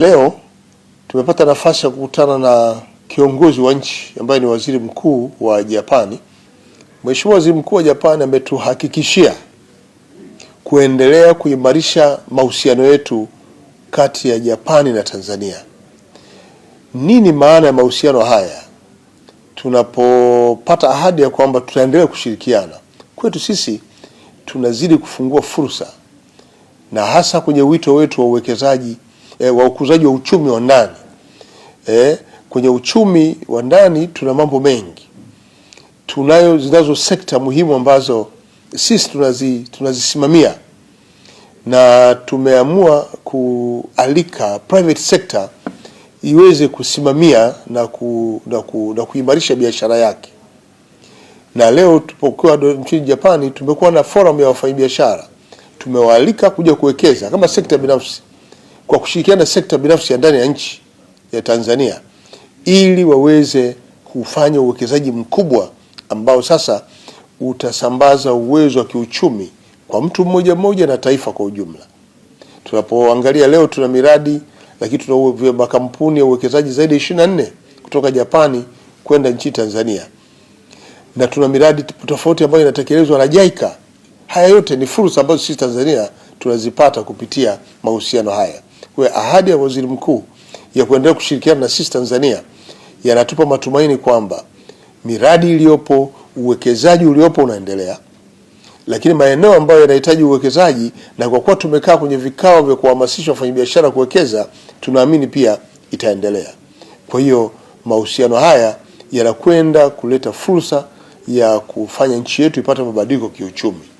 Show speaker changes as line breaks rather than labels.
Leo tumepata nafasi ya kukutana na kiongozi wa nchi ambaye ni waziri mkuu wa Japani. Mheshimiwa Waziri Mkuu wa Japani ametuhakikishia kuendelea kuimarisha mahusiano yetu kati ya Japani na Tanzania. Nini maana ya mahusiano haya? Tunapopata ahadi ya kwamba tutaendelea kushirikiana, kwetu sisi tunazidi kufungua fursa na hasa kwenye wito wetu wa uwekezaji e, wa ukuzaji wa uchumi wa ndani e, kwenye uchumi wa ndani tuna mambo mengi, tunayo zinazo sekta muhimu ambazo sisi tunazi, tunazisimamia na tumeamua kualika private sector iweze kusimamia na, ku, na, ku, na kuimarisha biashara yake. Na leo tupokuwa nchini Japani tumekuwa na forum ya wafanyabiashara, tumewaalika kuja kuwekeza kama sekta binafsi kwa kushirikiana na sekta binafsi ya ndani ya nchi ya Tanzania ili waweze kufanya uwekezaji mkubwa ambao sasa utasambaza uwezo wa kiuchumi kwa mtu mmoja mmoja na taifa kwa ujumla. Tunapoangalia leo tuna miradi lakini tuna makampuni ya uwekezaji zaidi ya 24 kutoka Japani kwenda nchini Tanzania na tuna miradi tofauti ambayo inatekelezwa na JICA. Haya yote ni fursa ambazo sisi Tanzania tunazipata kupitia mahusiano haya kwa ahadi ya waziri mkuu ya kuendelea kushirikiana na sisi Tanzania yanatupa matumaini kwamba miradi iliyopo, uwekezaji uliopo unaendelea, lakini maeneo ambayo yanahitaji uwekezaji, na kwa kuwa tumekaa kwenye vikao vya kuhamasisha wafanyabiashara kuwekeza, tunaamini pia itaendelea. Kwa hiyo mahusiano haya yanakwenda kuleta fursa ya kufanya nchi yetu ipate mabadiliko kiuchumi.